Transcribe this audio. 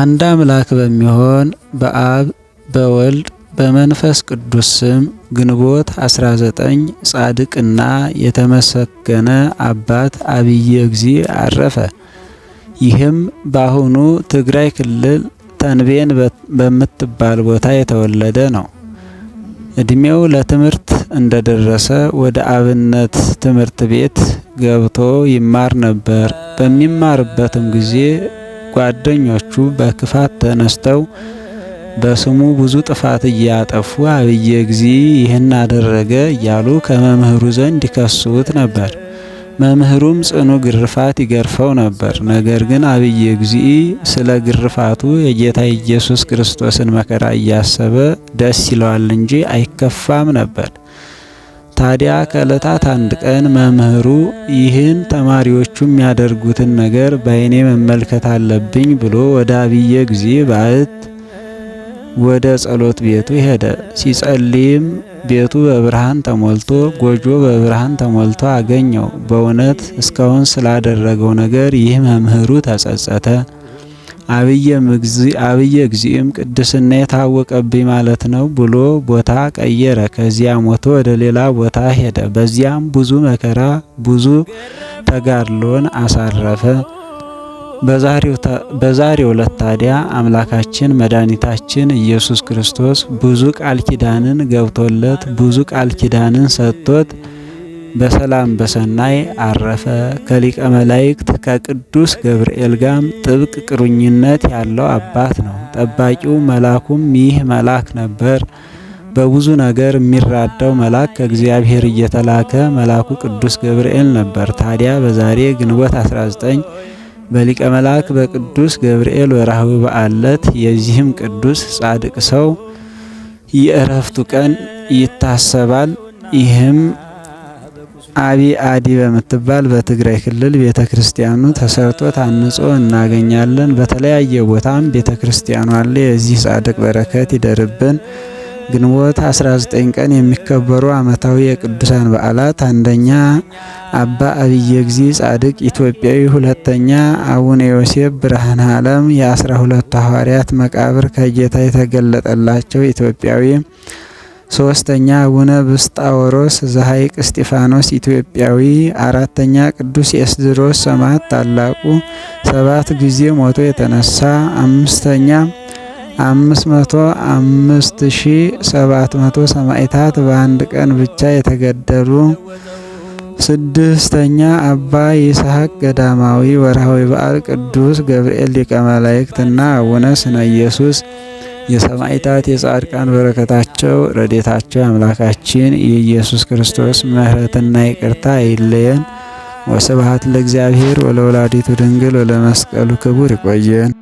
አንድ አምላክ በሚሆን በአብ በወልድ በመንፈስ ቅዱስ ስም ግንቦት 19 ጻድቅና የተመሰገነ አባት አቢየ እግዚእ አረፈ። ይህም በአሁኑ ትግራይ ክልል ተንቤን በምትባል ቦታ የተወለደ ነው። እድሜው ለትምህርት እንደደረሰ ወደ አብነት ትምህርት ቤት ገብቶ ይማር ነበር። በሚማርበትም ጊዜ ጓደኞቹ በክፋት ተነስተው በስሙ ብዙ ጥፋት እያጠፉ አብየ እግዚእ ይህን አደረገ እያሉ ከመምህሩ ዘንድ ይከሱት ነበር። መምህሩም ጽኑ ግርፋት ይገርፈው ነበር። ነገር ግን አብየ እግዚእ ስለ ግርፋቱ የጌታ ኢየሱስ ክርስቶስን መከራ እያሰበ ደስ ይለዋል እንጂ አይከፋም ነበር። ታዲያ ከእለታት አንድ ቀን መምህሩ ይህን ተማሪዎቹ የሚያደርጉትን ነገር በአይኔ መመልከት አለብኝ ብሎ ወደ አብየ ጊዜ ባዕት ወደ ጸሎት ቤቱ ሄደ። ሲጸልይም ቤቱ በብርሃን ተሞልቶ ጎጆ በብርሃን ተሞልቶ አገኘው። በእውነት እስካሁን ስላደረገው ነገር ይህ መምህሩ ተጸጸተ። አብየ እግዚእም ቅድስና የታወቀብኝ ማለት ነው ብሎ ቦታ ቀየረ። ከዚያ ሞቶ ወደ ሌላ ቦታ ሄደ። በዚያም ብዙ መከራ ብዙ ተጋድሎን አሳረፈ። በዛሬው ዕለት ታዲያ አምላካችን መድኃኒታችን ኢየሱስ ክርስቶስ ብዙ ቃል ኪዳንን ገብቶለት ብዙ ቃል ኪዳንን ሰጥቶት በሰላም በሰናይ አረፈ። ከሊቀ መላእክት ከቅዱስ ገብርኤል ጋር ጥብቅ ቅሩኝነት ያለው አባት ነው። ጠባቂው መልአኩም ይህ መልአክ ነበር። በብዙ ነገር የሚራዳው መልአክ ከእግዚአብሔር እየተላከ መልአኩ ቅዱስ ገብርኤል ነበር። ታዲያ በዛሬ ግንቦት 19 በሊቀ መልአክ በቅዱስ ገብርኤል ወርሃዊ በዓል ዕለት የዚህም ቅዱስ ጻድቅ ሰው የእረፍቱ ቀን ይታሰባል። ይህም አቢ አዲ በምትባል በትግራይ ክልል ቤተ ክርስቲያኑ ተሰርቶ ታንጾ እናገኛለን። በተለያየ ቦታም ቤተ ክርስቲያኑ አለ። የዚህ ጻድቅ በረከት ይደርብን። ግንቦት 19 ቀን የሚከበሩ ዓመታዊ የቅዱሳን በዓላት አንደኛ አባ አብየ እግዚ ጻድቅ ኢትዮጵያዊ፣ ሁለተኛ አቡነ ዮሴፍ ብርሃነ ዓለም የአስራ ሁለቱ ሐዋርያት መቃብር ከጌታ የተገለጠላቸው ኢትዮጵያዊ ሶስተኛ አቡነ ብስጣወሮስ ዘሐይቅ እስጢፋኖስ ኢትዮጵያዊ። አራተኛ ቅዱስ ኤስድሮስ ሰማዕት ታላቁ ሰባት ጊዜ ሞቶ የተነሳ። አምስተኛ አምስት መቶ አምስት ሺ ሰባት መቶ ሰማዕታት በአንድ ቀን ብቻ የተገደሉ። ስድስተኛ አባ ይስሐቅ ገዳማዊ ወርሃዊ በዓል ቅዱስ ገብርኤል ሊቀ መላእክትና አቡነ ስነ ኢየሱስ የሰማዕታት የጻድቃን በረከታቸው ረዴታቸው የአምላካችን የኢየሱስ ክርስቶስ ምሕረትና ይቅርታ አይለየን። ወስብሐት ለእግዚአብሔር ወለወላዲቱ ድንግል ወለመስቀሉ ክቡር። ይቆየን።